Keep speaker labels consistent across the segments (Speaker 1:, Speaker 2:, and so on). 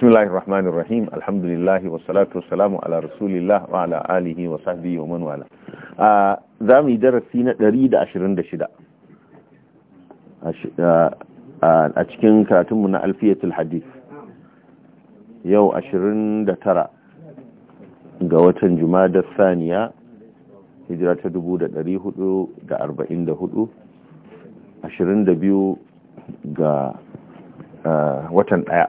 Speaker 1: bismillahir rahmanir rahim alhamdulillah wassalatu wassalamu ala rasulillah wa ala alihi wa sahbihi wa man wala ah, za mu yi darasi na 126 a cikin karatun mu na alfiyatul hadith yau 29 ga watan jumada saniya hijira ta 1444 22 ga ah, watan daya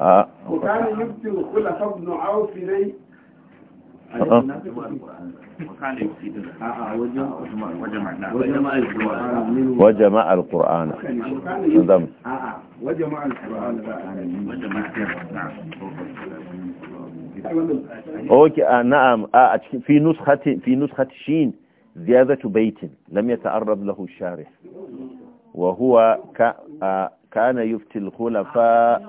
Speaker 2: آه. وكان يبتي الخلفاء بن عوف لي
Speaker 1: وجمع القرآن وجمع القرآن نعم.
Speaker 2: آه، آه. نعم. اوكي
Speaker 1: آه نعم آه، في نسخة في نسخة شين زيادة بيت لم يتعرض له الشارح وهو ك آه kana yuftil khulafa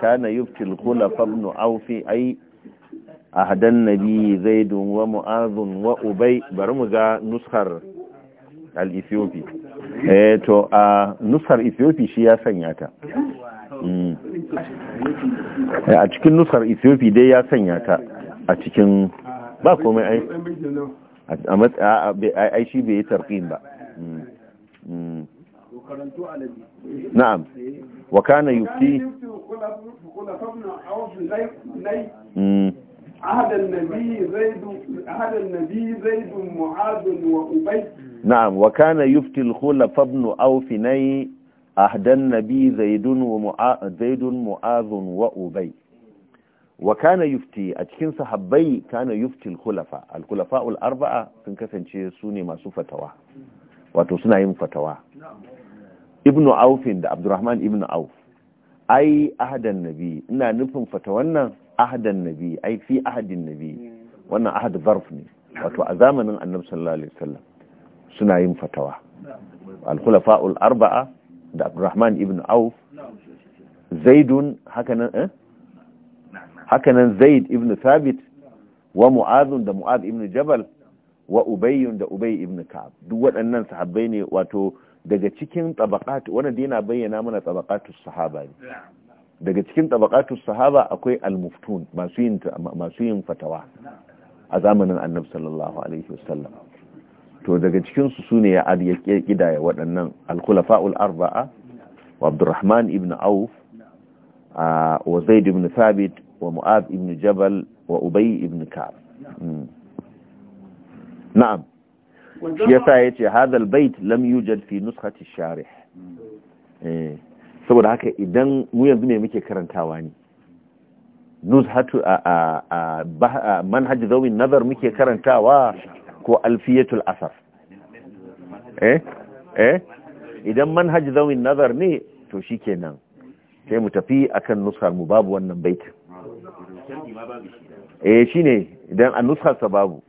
Speaker 1: kana yuftil khulafa ibn auf ai ahadan nabi zaid wa mu'adh wa ubay bari mu ga nushar al-ethiopi eh to a nushar ethiopi shi ya sanya ta a cikin nushar ethiopi dai ya sanya ta a cikin ba komai ai a matsa ai shi bai yi tarqim ba
Speaker 2: karantu Na'am.
Speaker 1: Wa kana yufti.
Speaker 2: Wa hmm. kana wa ubay.
Speaker 1: Na'am a cikin sahabbai kana yufti kulafa khulafa al-khulafa al-arba'a sun kasance su masu fatawa. Wato suna yin fatawa. ibnu aufin da abdurrahman ibnu auf ai ahadan nabi ina nufin fata wannan ahadan nabi ai fi ahadin nabi wannan ahad zarf ne wato a zamanin annab sallallahu alaihi wasallam suna yin fatawa al-khulafa'ul arba'a da abdurrahman ibn auf zaidun hakanan eh hakanan zaid ibn thabit wa mu'adh da mu'adh ibn jabal wa ubay da ubay ibn ka'ab duk waɗannan sahabbai ne wato daga cikin tabaqatu wannan dai yana bayyana mana tabaqatu sahaba ne daga cikin tabaqatu sahaba akwai almuftun masu yin masu yin fatawa a zamanin annabi sallallahu alaihi wasallam to daga cikin su sune ya ad ya kidaya waɗannan al-khulafa'ul arba'a wa Abdurrahman ibn Auf wa Zaid ibn Thabit wa Mu'adh ibn Jabal wa Ubay ibn Ka'ab hmm. na'am shi yasa ce hadal bait lam yujad fi nuskhati sharih eh, saboda haka idan mu yanzu ne muke karantawa ne nuzhatu a manhaj zawin nazar muke karantawa ko alfiyatul asar eh eh idan manhaj zawin nazar ne to shikenan sai mu tafi akan nuskar mu babu wannan bait eh shine idan a nuskar sa babu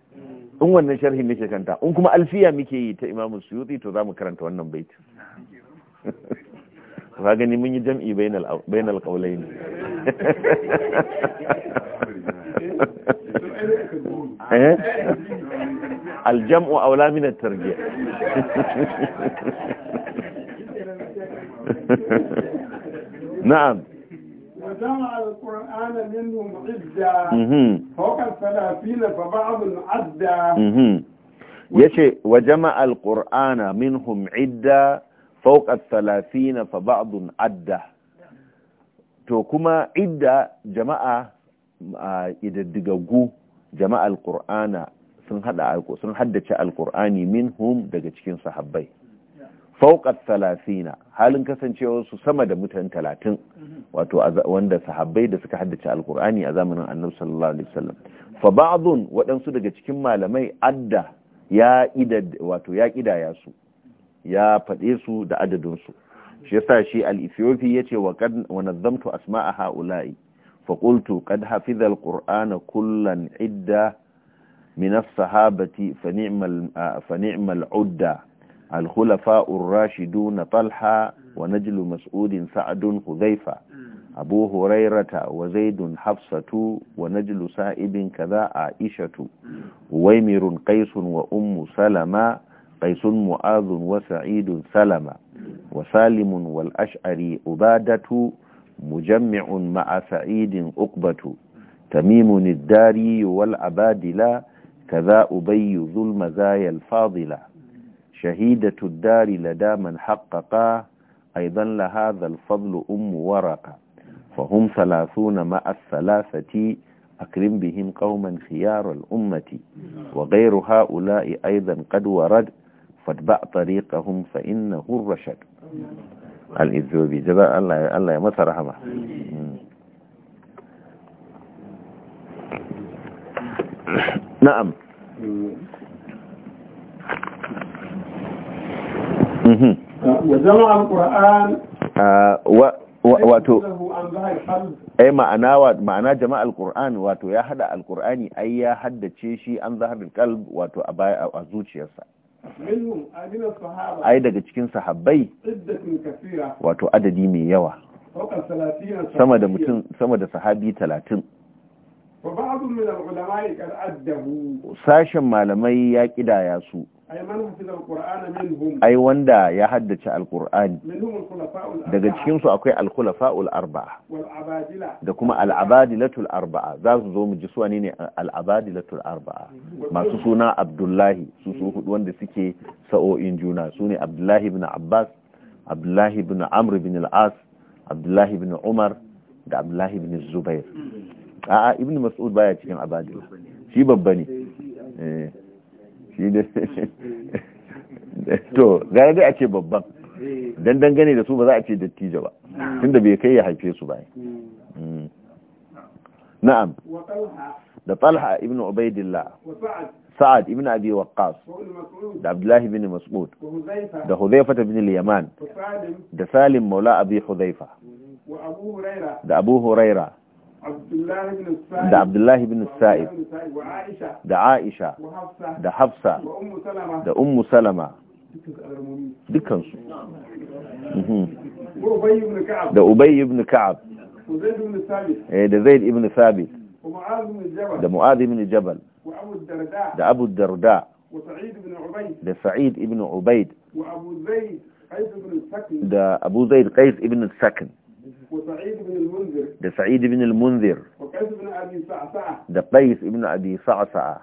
Speaker 1: in wannan sharhi nake kanta in kuma alfiya muke yi ta imamu suyuti to za mu karanta wannan baiti ba gani mun yi jam'i bainal kaulai ne eh? aljam'u aula min at-tarjih na'am
Speaker 2: جمع القرآن منهم عدة فوق الثلاثين فبعض عدة
Speaker 1: يشي وجمع القرآن منهم عدة فوق الثلاثين فبعض عدة to kuma idda jama'a idaddigaggu jama'a alqur'ana sun sun haddace alqur'ani minhum daga cikin sahabbai fauƙat talafina halin kasancewarsu sama da mutane talatin wato wanda sahabbai da suka haddace alkur'ani a zamanin annabi sallallahu alaihi wasallam fa ba'dun waɗansu daga cikin malamai adda ya ida wato ya kidaya su ya faɗe su da adadin su shi yasa shi al ya yace wa kad wa nazzamtu asma'a ha'ula'i fa qultu qad hafiza al-qur'ana kullan idda min as-sahabati fa ni'mal fa udda الخلفاء الراشدون طلحة ونجل مسعود سعد خذيفة أبو هريرة وزيد حفصة ونجل سائب كذا عائشة ويمر قيس وأم سلمة قيس معاذ وسعيد سلمة وسالم والأشعري عبادة مجمع مع سعيد أقبة تميم الداري والعبادلة كذا أبي ذو المزايا الفاضلة شهيدة الدار لدى من حققا أيضا لهذا الفضل أم ورقة فهم ثلاثون مع الثلاثة أكرم بهم قوما خيار الأمة وغير هؤلاء أيضا قد ورد فاتبع طريقهم فإنه الرشد الإذوبي جباء الله الله يمسى رحمه نعم Mhm. Ah, wato ai eh, ma'ana ma'ana jama'a al-qur'an wato ya hada al-qur'ani ai ya haddace shi an zaharul qalb wato a baya a zuciyarsa ai daga cikin sahabbai wato adadi mai yawa
Speaker 2: sama da mutum
Speaker 1: sama da sahabi 30 sashen malamai ya kidaya su ai wanda ya haddace alkur'ani daga cikinsu akwai alkulafa'ul arba'a da kuma al'abadilatul arba'a za su zo mu ji suwa ne al'abadilatul arba'a
Speaker 2: masu suna
Speaker 1: abdullahi su su hudu wanda suke sa'o'in juna su ne abdullahi bin abbas abdullahi bin amr bin al'as abdullahi bin umar da abdullahi bin zubair a'a ibn mas'ud baya cikin abadila shi babba ne shi ne to gara dai a ce babban eh. don dangane da su ba za a ce dattijo ba tunda bai kai ya haife su ba
Speaker 2: hmm. Hmm.
Speaker 1: na'am da talha ibn ubaidillah sa'ad ibn abi waqqas da abdullah ibn mas'ud da hudhayfa ibn al-yaman da salim maula abi hudhayfa
Speaker 2: da abu hurayra da
Speaker 1: abu huraira
Speaker 2: عبد الله بن السائب, الله بن السائب. وعائشة. دا عائشة وحفصة حفصة وأم سلمة دا
Speaker 1: أم سلمة دكان
Speaker 2: سو وأبي بن كعب دا
Speaker 1: أبي بن كعب
Speaker 2: وزيد بن ثابت
Speaker 1: إيه دا زيد بن ثابت
Speaker 2: ومعاذ بن الجبل دا
Speaker 1: معاذ بن الجبل
Speaker 2: وأبو الدرداء
Speaker 1: أبو الدرداء
Speaker 2: وسعيد بن عبيد دا
Speaker 1: سعيد بن عبيد
Speaker 2: وأبو زيد قيس بن السكن
Speaker 1: دا أبو زيد قيس بن السكن da sa'id ibn al-munzir da qais ibn abi sa'sa'a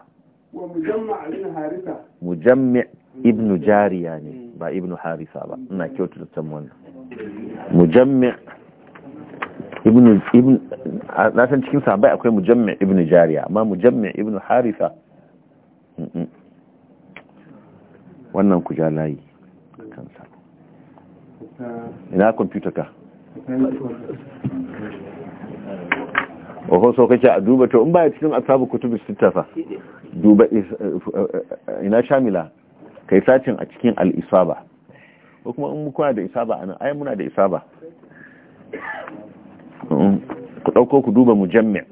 Speaker 1: mujammi' ibn jariya ne ba ibn harisa ba ina kyautata san wannan mujammi' ibn ibn na san cikin sabai akwai mujammi' ibn jariya amma mujammi' ibn harisa wannan ku ja layi kansa ina kwamfuta ka wa so kace a duba to in baya cikin sabu kutubu sittafa fa duba eh, eh, eh, ina shamila kai sacin a cikin al'isaba ko kuma in kuna da isaba anan ai muna da isaba mm, ku dauko ku duba mujammi'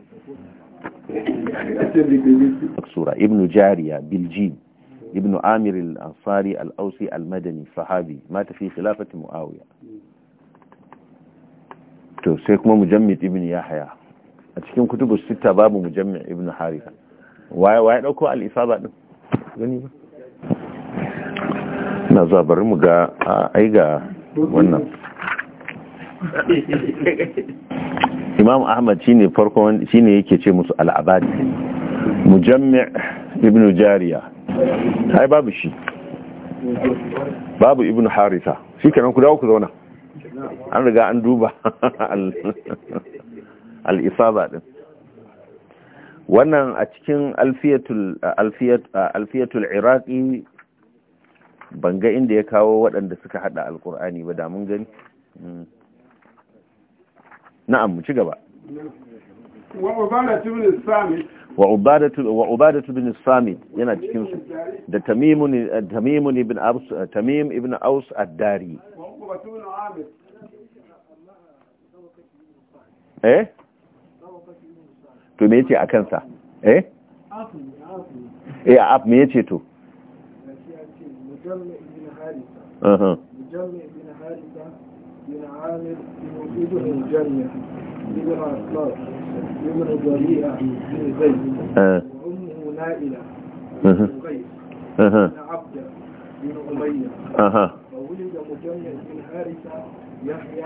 Speaker 1: sura ibn jariya jin ibn amir al-ansari al-ausi al-madani sahabi mata fi khilafati muawiya to sai kuma mujammid ibn yahya a cikin kutubu sita babu mujammid ibn harith waye waye dauko al-isaba din gani ba na za bari mu ga ai ga wannan imam ahmad shine farko shine yake ce musu al-abadi mujammi' ibn jariya ai babu shi babu ibn haritha shi kenan ku dawo ku zauna an riga an duba al'isaba din wannan a cikin alfiyatul iraki banga inda ya kawo waɗanda suka haɗa alkur'ani ba da mun gani na'am mu ci gaba wa ubadatu bin samit yana cikinsu da tamimun ibn aus ad-dari eh to me yace a kansa eh eh a me yace to
Speaker 2: الجنة بن زيد بن قيس بن بن مجمع بن يحيى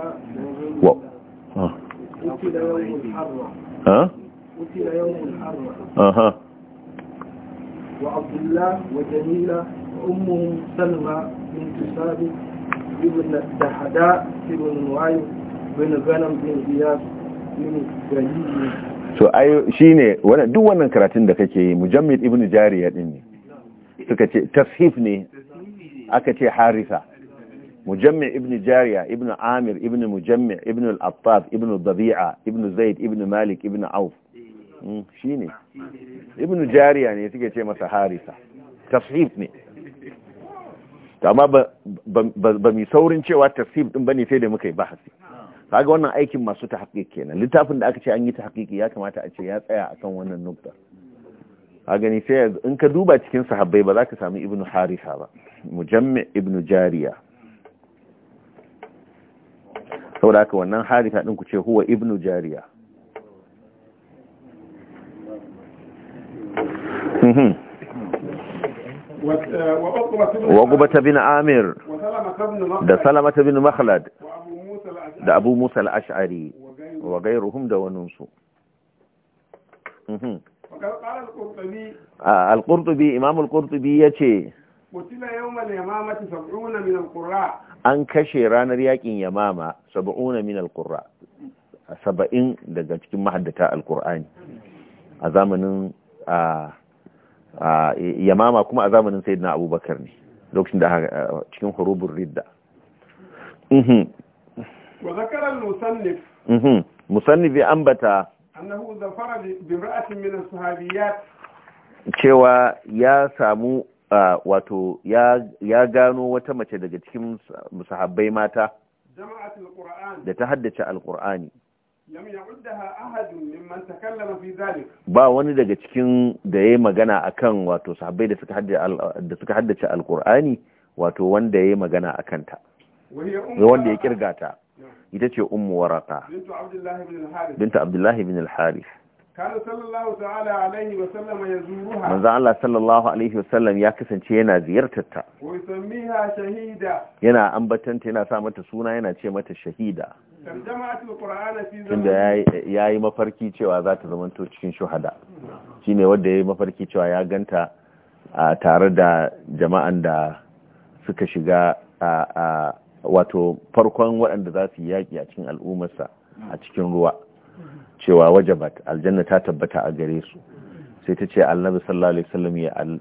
Speaker 2: وغيره ها قتل يوم الحرة اها وعبد الله وجميلة وأمهم سلمة من تساب ابن دحداء ابن نوعي بن غنم بن إياس من جليل
Speaker 1: so ai shine wannan duk wannan karatun da kake yi mujammid ibnu jariya din ne suka ce tashif ne aka ce harisa مجمع ابن jariya ابن amir ابن مجمع ابن al ابن الضبيعة ابن زيد zaid مالك malik عوف شيني ابن ne ibn jariya ne suke ce masa harisa tasif ne amma ba mi saurin cewa tasif din da kaga wannan aikin masu ta kenan littafin da aka ce an yi ta hakiki ya kamata a ce ya tsaya akan wannan nukta a gani sai in ka duba cikin sahabbai ba za ka sami ibnu harisa ba mujammi ibnu jariya sauraka wannan harika ɗin ku ce huwa ibnu jariya mhm. wa guba ta bin amir da salama ta bin makhlad da abu musa al'ashari wa gairuhum da waninsu mhm. al-qurtubi imam al ya ce an kashe ranar yakin yamama saba'una min alqurra saba'in daga cikin mahaddata alqur'ani a zamanin yamama kuma a zamanin sayyidina abubakar ne lokacin da cikin hurubun ridda mhm. mhm. musannif ya ambata cewa ya samu wato ya gano wata mace daga cikin musahabbai mata da ta haddace alkur'ani ba wani daga cikin da ya magana akan wato sahabbai da suka haddace alkur'ani wato wanda ya magana a kanta wanda ya kirgata ita ce ummu waraka binta abdullahi bin al-harith kana Allah sallallahu alaihi wa sallam ya kasance yana ziyartar ta
Speaker 2: wa yusammiha shahida
Speaker 1: yana ambatanta yana sa mata suna yana ce mata shahida tunda ya yi mafarki cewa za ta zamanto cikin shuhada shi ne wadda ya yi mafarki cewa ya ganta a tare da jama'an da suka shiga a wato farkon waɗanda za su yi yaƙi a cikin al'ummarsa a cikin ruwa cewa wajabat aljanna ta tabbata a gare su sai ta ce annabi sallallahu alaihi wasallam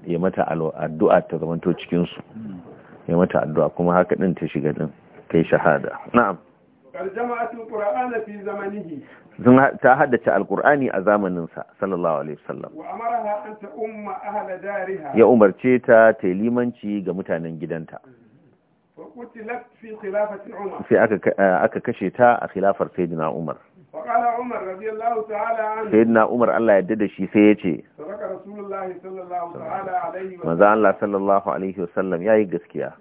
Speaker 1: ya mata addu'a ta zamanto cikin su ya mata addu'a kuma haka din ta shiga din kai shahada na'am
Speaker 2: tarjama'atul qur'ana fi zamanihi
Speaker 1: ta haddace alqur'ani a zamanin sa, sallallahu alaihi wasallam
Speaker 2: ya umarce
Speaker 1: ta ta limanci ga mutanen gidanta sai aka kashe ta a khilafar sayyidina umar sayyidina umar Allah ya da shi sai ya ce maza Allah sallallahu alaihi wasallam ya yi gaskiya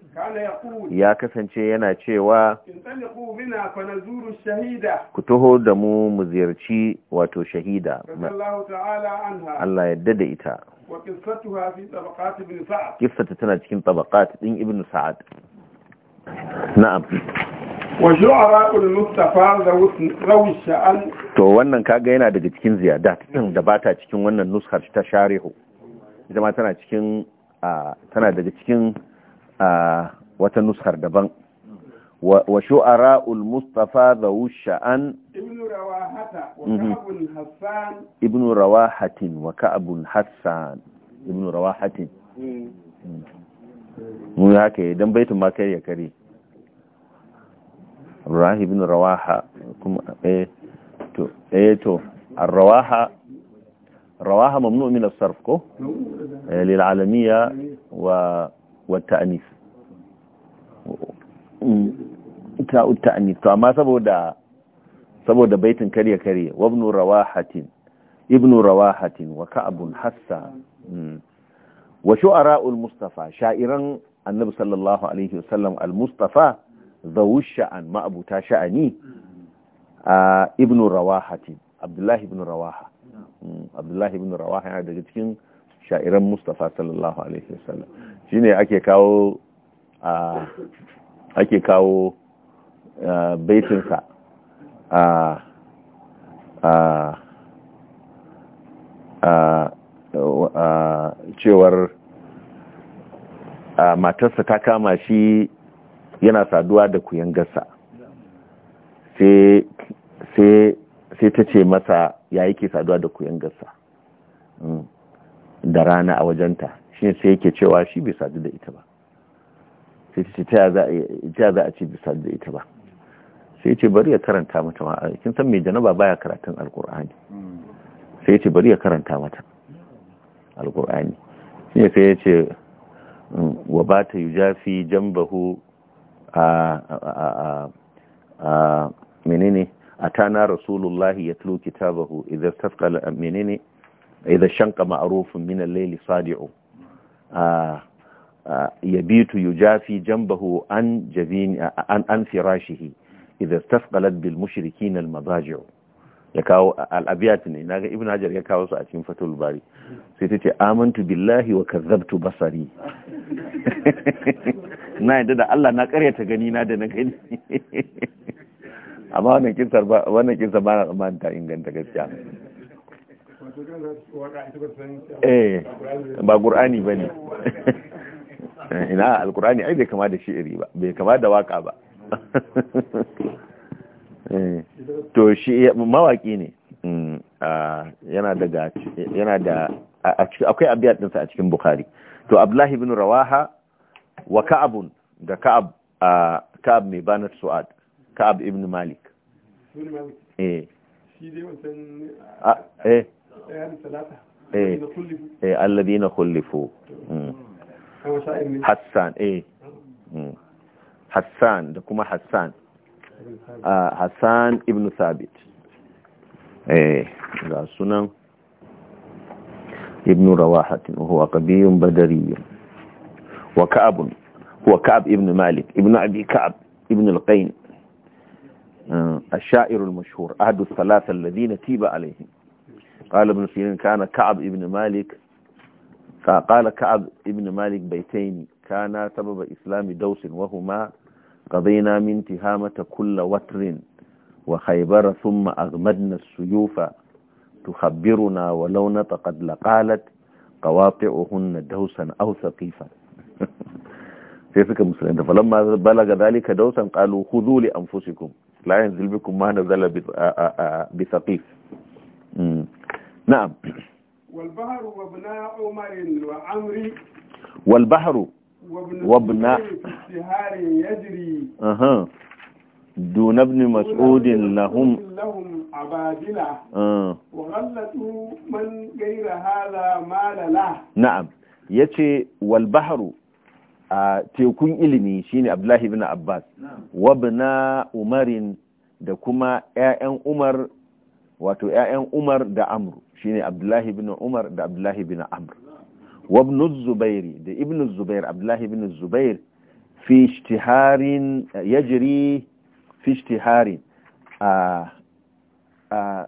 Speaker 1: ya kasance yana cewa ku taho da mu mu ziyarci wato shahida Allah ya da ita kissata tana cikin tabakat din ibn sa'ad na'am
Speaker 2: wa mustafa
Speaker 1: to wannan kaga yana daga cikin ziyadat da bata cikin wannan nuskar ta sharihu ita ma tana cikin tana daga cikin wata nuskar daban wa shu'ara al mustafa da wusha'an. Mhm. ibn rawahatin wa ka'abun hassan ibn rawahatin
Speaker 2: mm. Mm. mu yi
Speaker 1: haka idan don baitin ma kai ya kare rahib bin rawaha kuma eh to eh to ar-rawaha rawaha mamnu min as-sarf ko eh, lil alamiya wa wa ta'nif ta ta'nif to amma saboda saboda baitin kare kare wa ibnu rawahatin ibnu rawahatin wa ka'abun hassa hmm. wa shu'ara'ul mustafa sha'iran annabi sallallahu alaihi wasallam al-mustafa zawu sha'an ma'abuta sha'ani ibn rawahati abdullahi ibn rawaha mm, abdullahi ibn rawaha yana daga cikin sha'iran mustafa sallallahu alaihi wasallam shine ake kawo ake kawo baitinsa a cewar matarsa ta kama shi yana saduwa da kuyangarsa sai ta ce masa ya yake saduwa da kuyangarsa mm, da rana a wajenta shi sai yake cewa shi bai sadu da ita ba sai ta ce ta za a ce bai sadu da ita ba sai ce bari ya karanta mata ma'a kin san mai janaba baya karatun alkur'ani mm. sai ce bari ya karanta mata alkur'ani shi ne sai ya ce mm, wa ba ta yi jafi jambahu a menene a tana rasulullahi ya tulo kitabahu idan tafkala menene idan shanka ma'arufin minan laili sadi'u yabitu yujafi jambahu an firashihi idan tafkalat bil mushrikin al mazaji'u ya kawo al'abiyat ne naga ibn hajar ya kawo su a cikin fatul bari sai ta ce amantu billahi wa kazzabtu basari na yadda da Allah na karyata gani na da na gani amma wannan kinsar ba wannan kinsar ba na tsammanin ta inganta gaskiya
Speaker 2: eh ba qur'ani
Speaker 1: bane ina alqur'ani ai bai kama da shi'iri ba bai kama da waka ba to shi mawaki ne mm, yana daga yana da akwai abin dinsa a cikin bukhari to abdullahi ibn rawaha wa ka'abun da ka'ab ka'ab mai banar su'ad ka'ab ibn malik eh
Speaker 2: shi dai wancan
Speaker 1: eh eh eh alladhina eh, mm. hassan eh mm. hassan da kuma hassan آه، حسان ابن ثابت ايه سنن ابن رواحة وهو قبي بدري وكعب هو كعب ابن مالك ابن ابي كعب ابن القين آه، الشاعر المشهور احد الثلاثه الذين تيب عليهم قال ابن سيرين كان كعب ابن مالك فقال كعب ابن مالك بيتين كانا سبب اسلام دوس وهما قضينا من تهامة كل وتر وخيبر ثم أغمدنا السيوف تخبرنا ولو نطقت لقالت قواطعهن دوسا أو ثقيفا فلما بلغ ذلك دوسا قالوا خذوا لأنفسكم لا ينزل بكم ما نزل بثقيف نعم
Speaker 2: والبحر وابناء عمر وعمري والبحر wabna
Speaker 1: دون ابن مسعود لهم
Speaker 2: لهم عبادلة آه. وغلطوا
Speaker 1: tekun ilimi shine Abdullahi ibn Abbas wabna Umarin da kuma ƴaƴan Umar wato yayan Umar da Amr shine Abdullahi ibn Umar da Abdullahi ibn Amr wa الزبير ده da الزبير عبد الله بن الزبير في اشتهار يجري في اشتهار a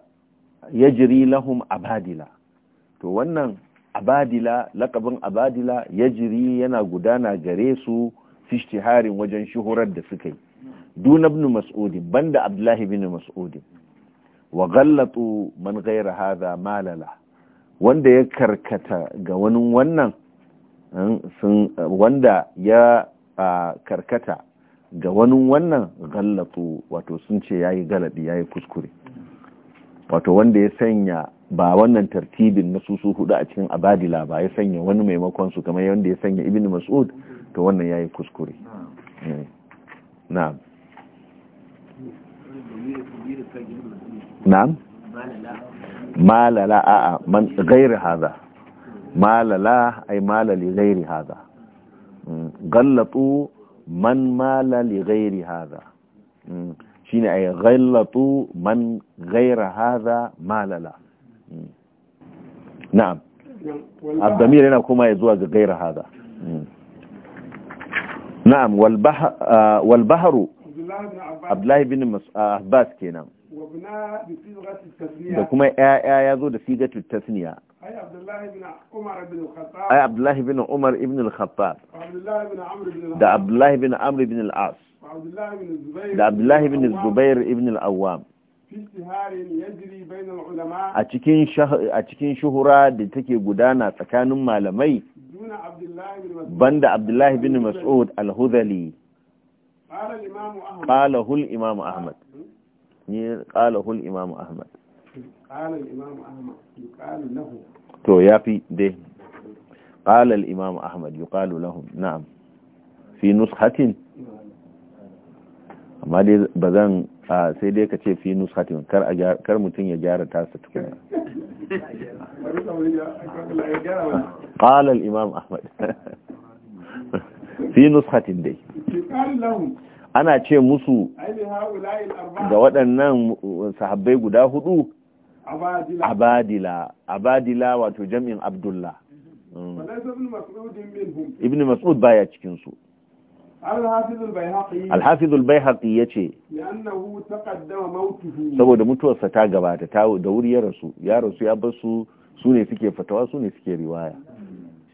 Speaker 1: yajri lahum abadila to wannan abadila laqabin abadila yajri yana gudana gare su fi ishtiharin wajen shuhurar da suka yi dun ibn mas'ud banda Abdullahi ibn mas'ud wa ghallatu man ghayra hadha malala wanda ya karkata ga wani wannan hmm, wanda ya karkata ga wani wannan gallatu wato sun ce ya yi galabi ya yi kuskure wato wanda ya sanya ba wannan tartibin na susu hudu a cikin abadila ba ya sanya wani maimakon su kamar yadda ya sanya ibn mas'ud to wannan ya yi kuskure na'am eh, na'am malala a'a man gairi haza malala ai malali gairi haza mm. gallatu man malali gairi haza mm. shine ai gallatu man gaira haza malala mm. na'am abdamir yana kuma ya zuwa ga gaira haza na'am walbaharu
Speaker 2: ah, abdullahi
Speaker 1: bin abbas ah, kenan da kuma ‘ya'ya ya zo da sigatu tasniya ai abdullahi bin umar ibn al-khattab da abdullahi bin amr ibn al-as
Speaker 2: da abdullahi bin zubair
Speaker 1: ibn al-awwam a cikin shuhura da take gudana tsakanin malamai banda abdullahi bin mas'ud al-hudhali قاله Imam Ahmad. ni qalahu al-imam ahmad
Speaker 2: qala al-imam ahmad yuqalu lahu
Speaker 1: to yafi dai qala al-imam ahmad yuqalu lahu na'am fi nuskhatin amma dai bazan sai dai ka ce fi nuskhatin kar a kar mutun ya gyara tasa tukuna qala al-imam ahmad fi nuskhatin dai lahu ana ce musu ga waɗannan uh, sahabbai guda hudu abadila abadila wato jam'in abdullah mm-hmm.
Speaker 2: mm.
Speaker 1: ibn mas'ud baya cikinsu alhafizul bai hafiz ya ce
Speaker 2: yace saboda
Speaker 1: mutuwarsa ta gabata ta da wuri ya rasu ya rasu ya basu su ne suke fatawa ne suke riwaya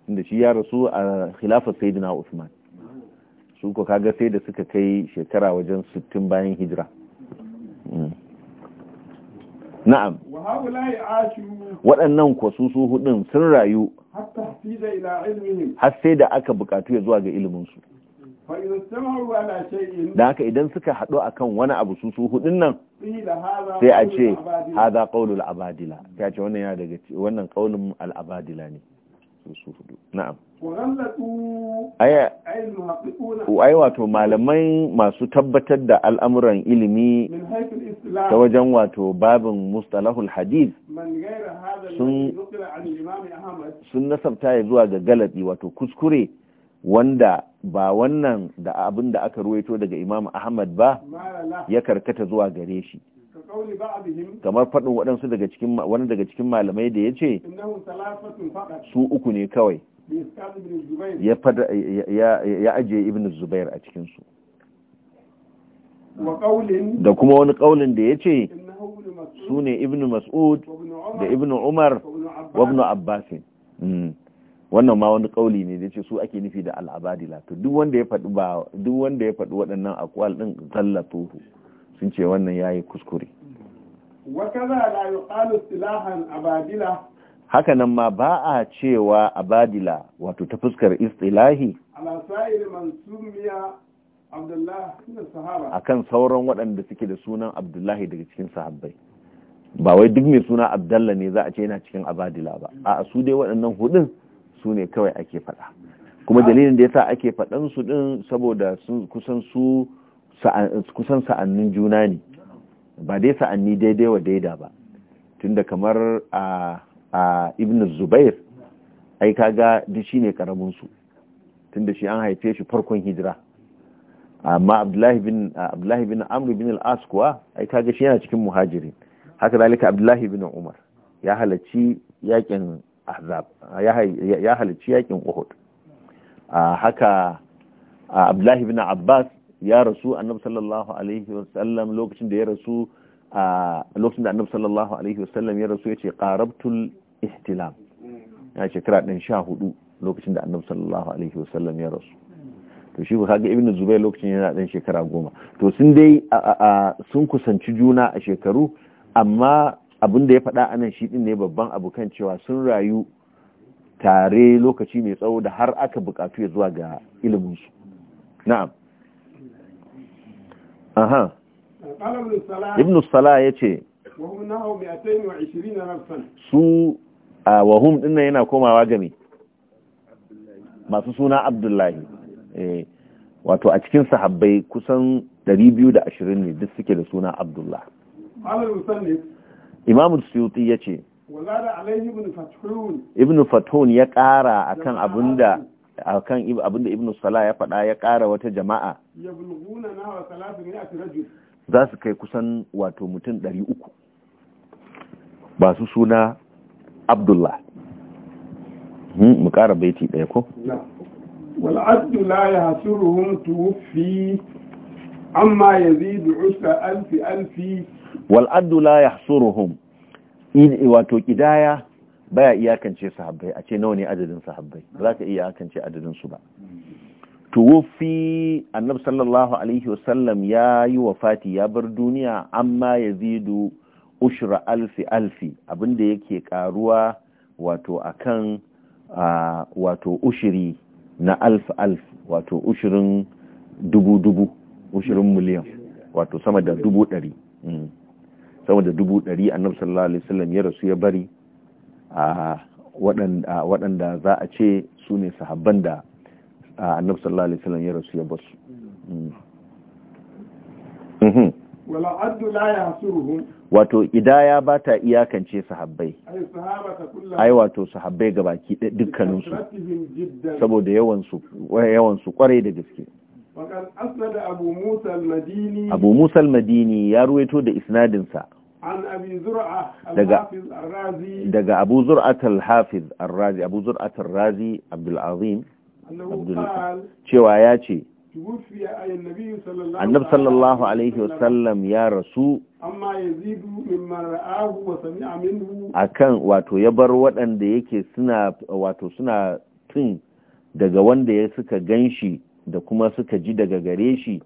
Speaker 1: inda mm. shi ya rasu a khilafar sayyidina usman su ko kaga sai da suka kai shekara wajen 60 bayan hijira mm. na'am waɗannan su hudun sun rayu har sai da aka bukatu ya zuwa ga iliminsu da haka idan suka haɗu akan wani abu su su hudun nan
Speaker 2: sai a ce haza
Speaker 1: ƙaunul abadila ta ce wannan yana daga wannan ƙaunin al'abadila ne su hudu na'am ai wato malamai masu tabbatar da al'amuran ilimi ta wajen wato babin mustalahul hadith sun nasabta ya zuwa ga galabi wato kuskure wanda ba wannan da abin da aka ruwaito daga imam ahmad ba ya karkata zuwa gare shi kamar faɗin waɗansu daga cikin wani daga cikin malamai da ya ce su uku ne kawai ya ajiye ibn zubair a cikinsu da kuma wani ƙaunin da ya ce su ne ibn mas'ud da ibn umar wa ibn abbasin hmm. wannan ma wani kauli ne da ce su ake nufi da al'abadila to duk wanda ya faɗi waɗannan akwal ɗin tsallatuhu sun ce wannan ya yi kuskure haka nan ma ba a cewa abadila wato ta fuskar istilahi akan sauran waɗanda suke da sunan abdullahi daga cikin sahabbai ba wai duk mai suna abdallah ne za a ce yana cikin abadila ba a su dai waɗannan hudun su ne kawai ake faɗa kuma dalilin da ya sa ake faɗan su ɗin saboda kusan su kusan sa'annin juna ne ba dai sa'anni daidai wa daida ba tunda kamar a ibn zubair ai kaga duk shine karamin su tunda shi an haife shi farkon hijira amma abdullahi bin abdullahi bin amr bin al-as kuwa ai kaga shi yana cikin muhajirin haka dalika abdullahi bin umar ya halarci yakin ahzab ya halarci yakin uhud haka abdullahi bin abbas ya rasu annabi sallallahu alaihi wasallam lokacin da ya rasu a lokacin da annabi sallallahu alaihi wasallam ya rasu yace qarabtul ihtilam ya shekara din 14 lokacin da annabi sallallahu alaihi wasallam ya rasu to shi ku kaga ibnu zubair lokacin yana dan shekara goma to sun dai sun kusanci juna a shekaru amma abin da ya faɗa anan shi din ne babban abu kan cewa sun rayu tare lokaci mai tsawo da har aka bukatu ya zuwa ga ilimin su na'am aha ibn salah ya ce su a wahum ɗin yana komawa gami masu suna abdullahi eh, wato a cikin sahabbai kusan 220 ne duk suke da suna Abdullahi? imamu suyuti ya ce ibn fathun ya ƙara akan abinda Kan abinda ibn sala ya faɗa ya ƙara wata jama'a za su kai kusan wato mutum ɗari uku ba su suna abdullah hmm, mu ƙara baiti ɗaya ko
Speaker 2: wal'addu la ya hasuruhum tuwfi amma yazidu usra alfi alfi
Speaker 1: wal'addu ya hasuruhum wato ƙidaya baya iyakance sahabbai a ce nawa ne adadin sahabbai ba za ka iya iyakance adadin su ba tuwufi annab sallallahu alaihi wasallam ya yi wafati ya bar duniya amma ya zidu ushra alfi alfi abinda yake karuwa wato akan wato ushiri na alf alf wato ushirin dubu dubu ushirin miliyan wato sama da dubu dari hmm. sama da dubu dari annab sallallahu alaihi wasallam ya rasu ya bari waɗanda za a ce su ne sahabban da annabi sallallahu alaihi wasallam ya rasu ya basu mm. mm-hmm.
Speaker 2: wala addu la yasuruhum
Speaker 1: wato idaya ba ta iyakance sahabbai ai wato sahabbai gabaki dukkanin su saboda yawan su yawan su da gaske abu musa al-madini ya ruwaito da isnadin sa daga abu zur'at hafiz al-razi abu zur'at al-razi abdulazim cewa ya ce
Speaker 2: annab sallallahu alaihi wasallam
Speaker 1: ya rasu A kan wato ya bar waɗanda yake suna wato suna tun daga wanda ya suka ganshi da kuma suka ji daga gare shi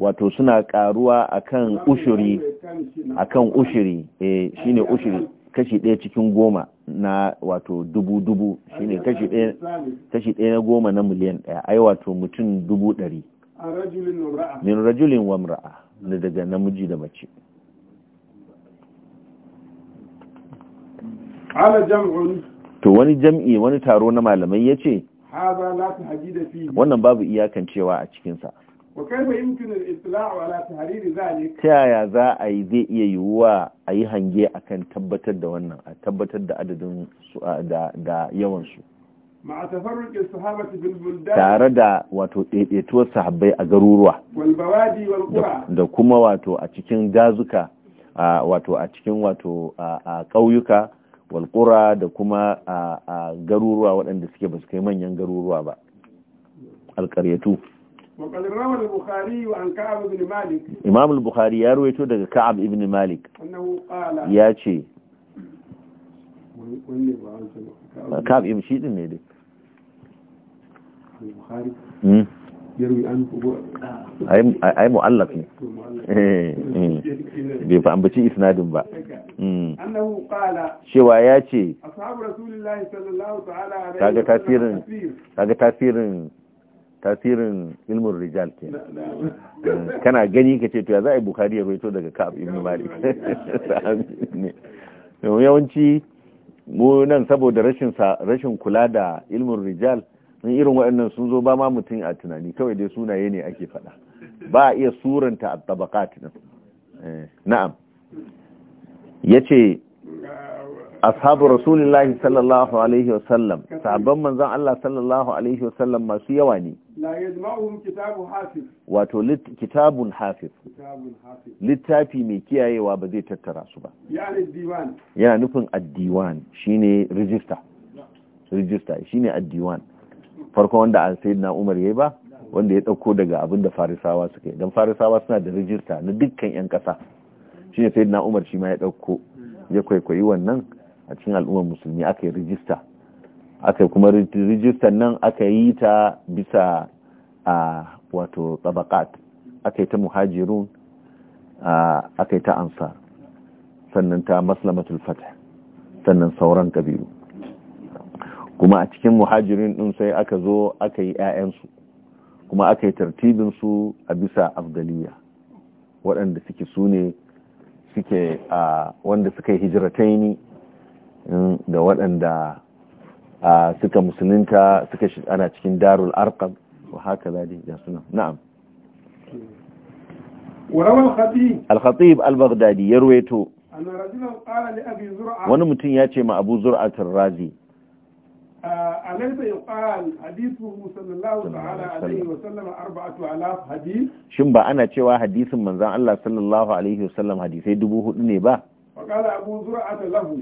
Speaker 1: wato suna karuwa akan ushuri
Speaker 2: akan ushuri
Speaker 1: eh shine ushuri kashi ɗaya cikin goma na wato dubu dubu shine kashi ɗaya kashi ɗaya na goma na miliyan ɗaya ai wato mutum dubu ɗari min rajulin wa mra'a na daga namiji da mace to wani jam'i wani taro na malamai ya ce wannan babu iyakan cewa a cikinsa ta yaya za a yi zai iya yiwuwa a yi hange a kan tabbatar da wannan a tabbatar da adadin da yawansu tare da wato ɗaiɗaituwar sahabbai a garuruwa da kuma wato a cikin dazuka wato a cikin wato a ƙauyuka walƙura da kuma a garuruwa waɗanda suke ba su kai manyan garuruwa ba alƙaryatu
Speaker 2: وقد روى البخاري عن كعب بن مالك
Speaker 1: إمام البخاري يروي تو كعب بن مالك
Speaker 2: أنه ne dai البخاري يروي bai fa
Speaker 1: ambaci ba annahu qala cewa ya ce
Speaker 2: ashabu rasulillahi
Speaker 1: kaga tasirin tasirin ilmin rijal ke kana gani ka ce to ya za a yi bukari ya roito daga ka'ab ibn malik yawanci mu nan saboda rashin kula da ilmin rijal in irin waɗannan sun zo ba ma mutum a tunani kawai dai sunaye ne ake faɗa ba a iya suranta a tabakat nan eh, na'am yace ashabu rasulillahi sallallahu alaihi wasallam sabon manzon Allah sallallahu alaihi wasallam masu yawa ne
Speaker 2: la yajma'uhum kitabu hafiz
Speaker 1: wato kitabun hafiz littafi mai kiyayewa ba zai tattara su ba yana nufin addiwan shine register register shine addiwan farko wanda a na Umar yayi ba wanda ya dauko daga abin da farisawa suka yi dan farisawa suna da register na dukkan yan kasa shine na Umar shi ma ya dauko ya kwaikwayi wannan a cikin al'ummar musulmi aka yi register aka kuma rijistar nan aka yi ta bisa a wato tsabakat aka yi ta muhajirun aka yi ta ansar sannan ta maslamatul fatah sannan sauran kabilu kuma a cikin muhajirin ɗin sai aka zo aka yi 'ya'yansu kuma aka yi tartibinsu a bisa afdaliya waɗanda suke su ne suke a wanda suka yi hijirataini mm, da waɗanda suka musulunta suka shi ana cikin darul arqam wa haka zadi ya suna na'am
Speaker 2: warawal khatib
Speaker 1: al-khatib al-baghdadi ya wani mutum ya ce ma abu zura tarrazi
Speaker 2: alaysa
Speaker 1: shin ba ana cewa hadisin manzon Allah sallallahu alaihi wa sallam hadisai dubu hudu ne ba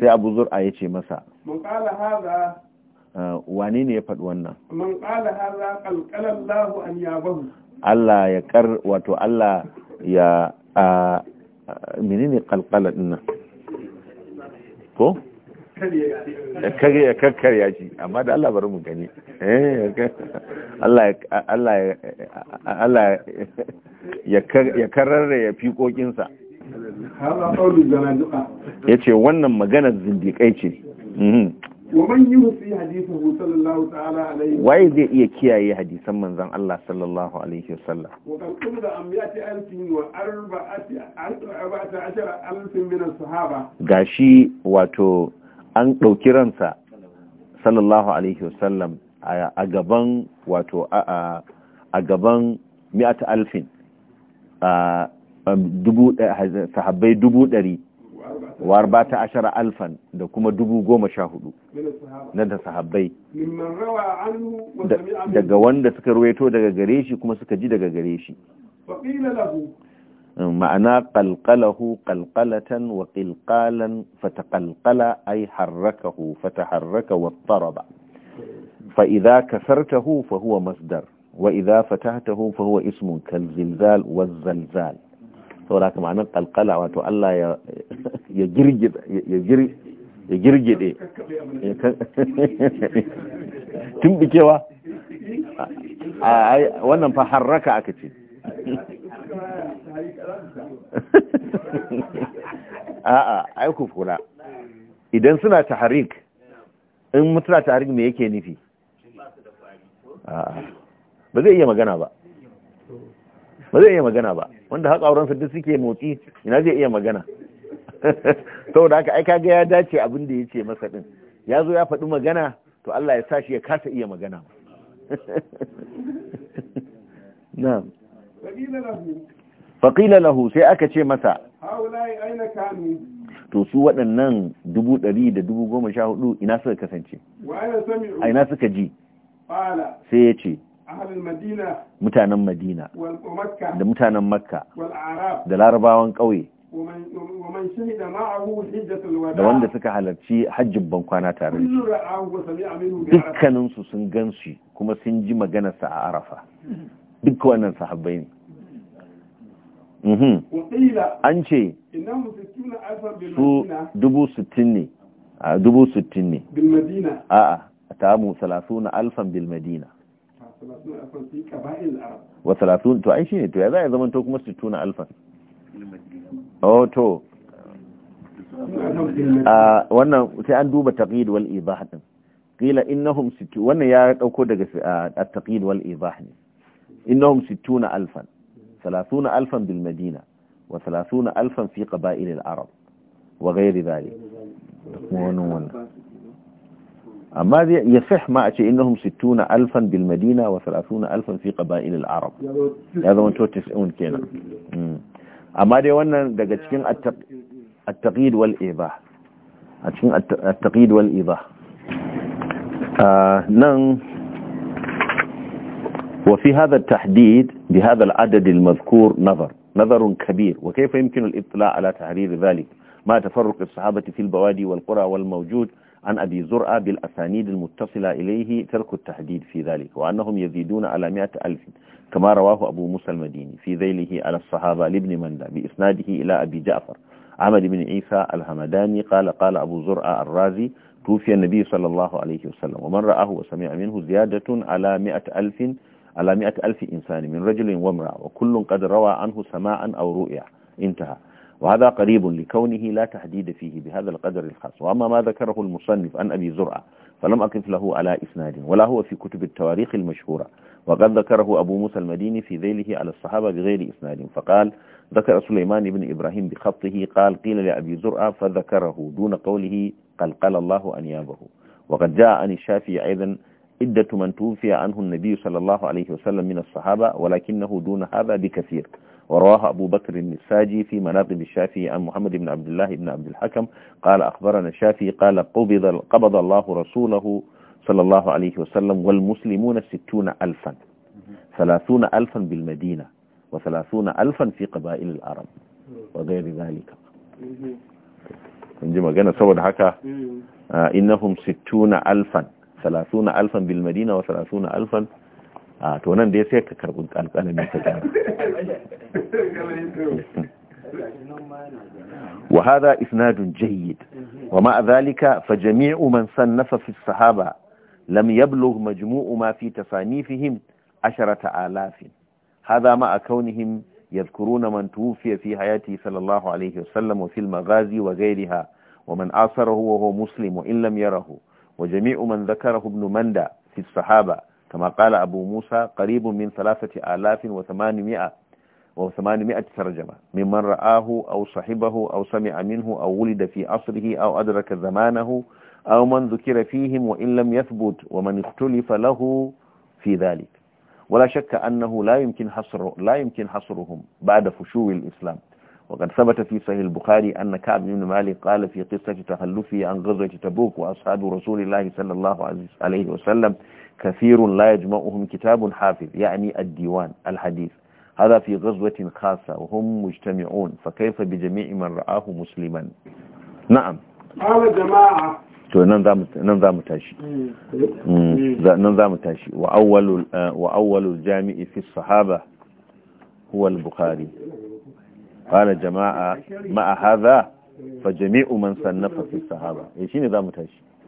Speaker 1: sai abu zur'a ya ce masa Eh, wane ne ya faɗi wannan
Speaker 2: man qala hadha qalqala Allahu an yabahu
Speaker 1: Allah ya kar wato Allah ya menene qalqala din nan ko kare ya kakkarya shi amma da Allah bari mu gani eh,
Speaker 2: Allah ya
Speaker 1: kararra ya fiƙoƙinsa ya ce wannan maganar zindiƙai ce mm-hmm. waye zai iya kiyaye hadisan manzon Allah sallallahu alaihi wasallam gashi wato an ɗauki ransa sallallahu alaihi wasallam a gaban wato a gaban mi'ata alfin sahabbai dubu ɗari wa arba'ata ashara alfan da kuma dubu goma sha hudu na da sahabbai daga wanda suka ruweto daga gare shi kuma suka ji daga gare shi um, ma'ana qalqalahu qalqalatan wa qilqalan fataqalqala ay harrakahu harraka wa taraba fa idza kasartahu fa huwa masdar wa idza fatahtahu fa huwa ismun kalzilzal waz zalzal saboda haka ma'anar kalkala wato Allah ya girgide ya girgide tumbikewa wannan fa haraka aka ce a'a a ku fura. idan suna tahrik in mutuna tahrik me yake nufi ba zai iya magana ba ba zai iya magana ba wanda auren haka haƙauransa duk suke motsi ina zai iya magana saboda haka aika kaga ya dace abin da ya ce masa din ya zo ya faɗi magana to Allah ya sa shi ya kasa iya magana na'am faƙila lahu sai aka ce masa to su waɗannan dubu ɗari da dubu goma sha hudu ina suka kasance a ina suka ji sai ya ce mutanen madina da mutanen makka da larabawan ƙauye da wanda suka halarci hajjin bankwana tare
Speaker 2: dukkaninsu
Speaker 1: sun gan shi kuma sun ji maganarsa a arafa duk wannan sahabbai ne an ce su dubu sittin ne a dubu sittin ne a ta mu na alfan bil madina wa salatun to ai shine to ya za ya zama to kuma sittuna alfan oh to wannan sai an duba taqid wal idah din qila innahum sittuna wannan ya dauko daga at-taqid wal ne innahum sittuna alfan 30 alfan bil madina wa alfan fi qaba'il al-arab wa ghairi dhalik wannan wannan أما يصح ما أتي إنهم ستون ألفا بالمدينة وثلاثون ألفا في قبائل العرب هذا وانتو تسعون كينا أما دي وانا دقاتكين التقييد والإيضاح أتكين التقييد والإيضاح آه، نن نعم. وفي هذا التحديد بهذا العدد المذكور نظر نظر كبير وكيف يمكن الإطلاع على تحرير ذلك ما تفرق الصحابة في البوادي والقرى والموجود عن أبي زرعة بالأسانيد المتصلة إليه ترك التحديد في ذلك وأنهم يزيدون على مئة ألف كما رواه أبو موسى المديني في ذيله على الصحابة لابن مندى بإسناده إلى أبي جعفر عمد بن عيسى الهمداني قال قال أبو زرعة الرازي توفي النبي صلى الله عليه وسلم ومن رآه وسمع منه زيادة على مئة ألف على مئة ألف إنسان من رجل وامرأة وكل قد روى عنه سماعا أو رؤيا انتهى وهذا قريب لكونه لا تحديد فيه بهذا القدر الخاص وأما ما ذكره المصنف عن أبي زرعة فلم أقف له على إسناد ولا هو في كتب التواريخ المشهورة وقد ذكره أبو موسى المديني في ذيله على الصحابة بغير إسناد فقال ذكر سليمان بن إبراهيم بخطه قال قيل لأبي زرعة فذكره دون قوله قال قال الله أنيابه وقد جاء عن الشافعي أيضا عدة من توفي عنه النبي صلى الله عليه وسلم من الصحابة ولكنه دون هذا بكثير ورواه أبو بكر النساجي في مناقب الشافعي عن محمد بن عبد الله بن عبد الحكم قال أخبرنا الشافعي قال قبض, قبض الله رسوله صلى الله عليه وسلم والمسلمون ستون ألفا ثلاثون ألفا بالمدينة وثلاثون ألفا في قبائل العرب وغير ذلك عندما كان سود حكا إنهم ستون ألفا ثلاثون ألفا بالمدينة وثلاثون ألفا a to nan da ya sai ka karɓi alƙalamin ka gyara وهذا إسناد جيد ومع ذلك فجميع من صنف في الصحابة لم يبلغ مجموع ما في تصانيفهم عشرة آلاف هذا مع كونهم يذكرون من توفي في حياته صلى الله عليه وسلم وفي المغازي وغيرها ومن آثره وهو مسلم وإن لم يره وجميع من ذكره ابن مندى في الصحابة كما قال أبو موسى قريب من ثلاثة آلاف وثمانمائة وثمانمائة ترجمة ممن رآه أو صحبه أو سمع منه أو ولد في عصره أو أدرك زمانه أو من ذكر فيهم وإن لم يثبت ومن اختلف له في ذلك ولا شك أنه لا يمكن حصر لا يمكن حصرهم بعد فشو الإسلام وقد ثبت في صحيح البخاري أن كعب بن مالك قال في قصة تخلفه عن غزوة تبوك وأصحاب رسول الله صلى الله عليه وسلم كثير لا يجمعهم كتاب حافظ يعني الديوان الحديث هذا في غزوة خاصة وهم مجتمعون فكيف بجميع من رآه مسلما نعم
Speaker 2: قال جماعة
Speaker 1: نظام نعم، نعم، التاشي نظام نعم، التاشي وأول, آه، وأول الجامع في الصحابة هو البخاري قال جماعة مع هذا فجميع من صنف في الصحابة يشي نظام التاشي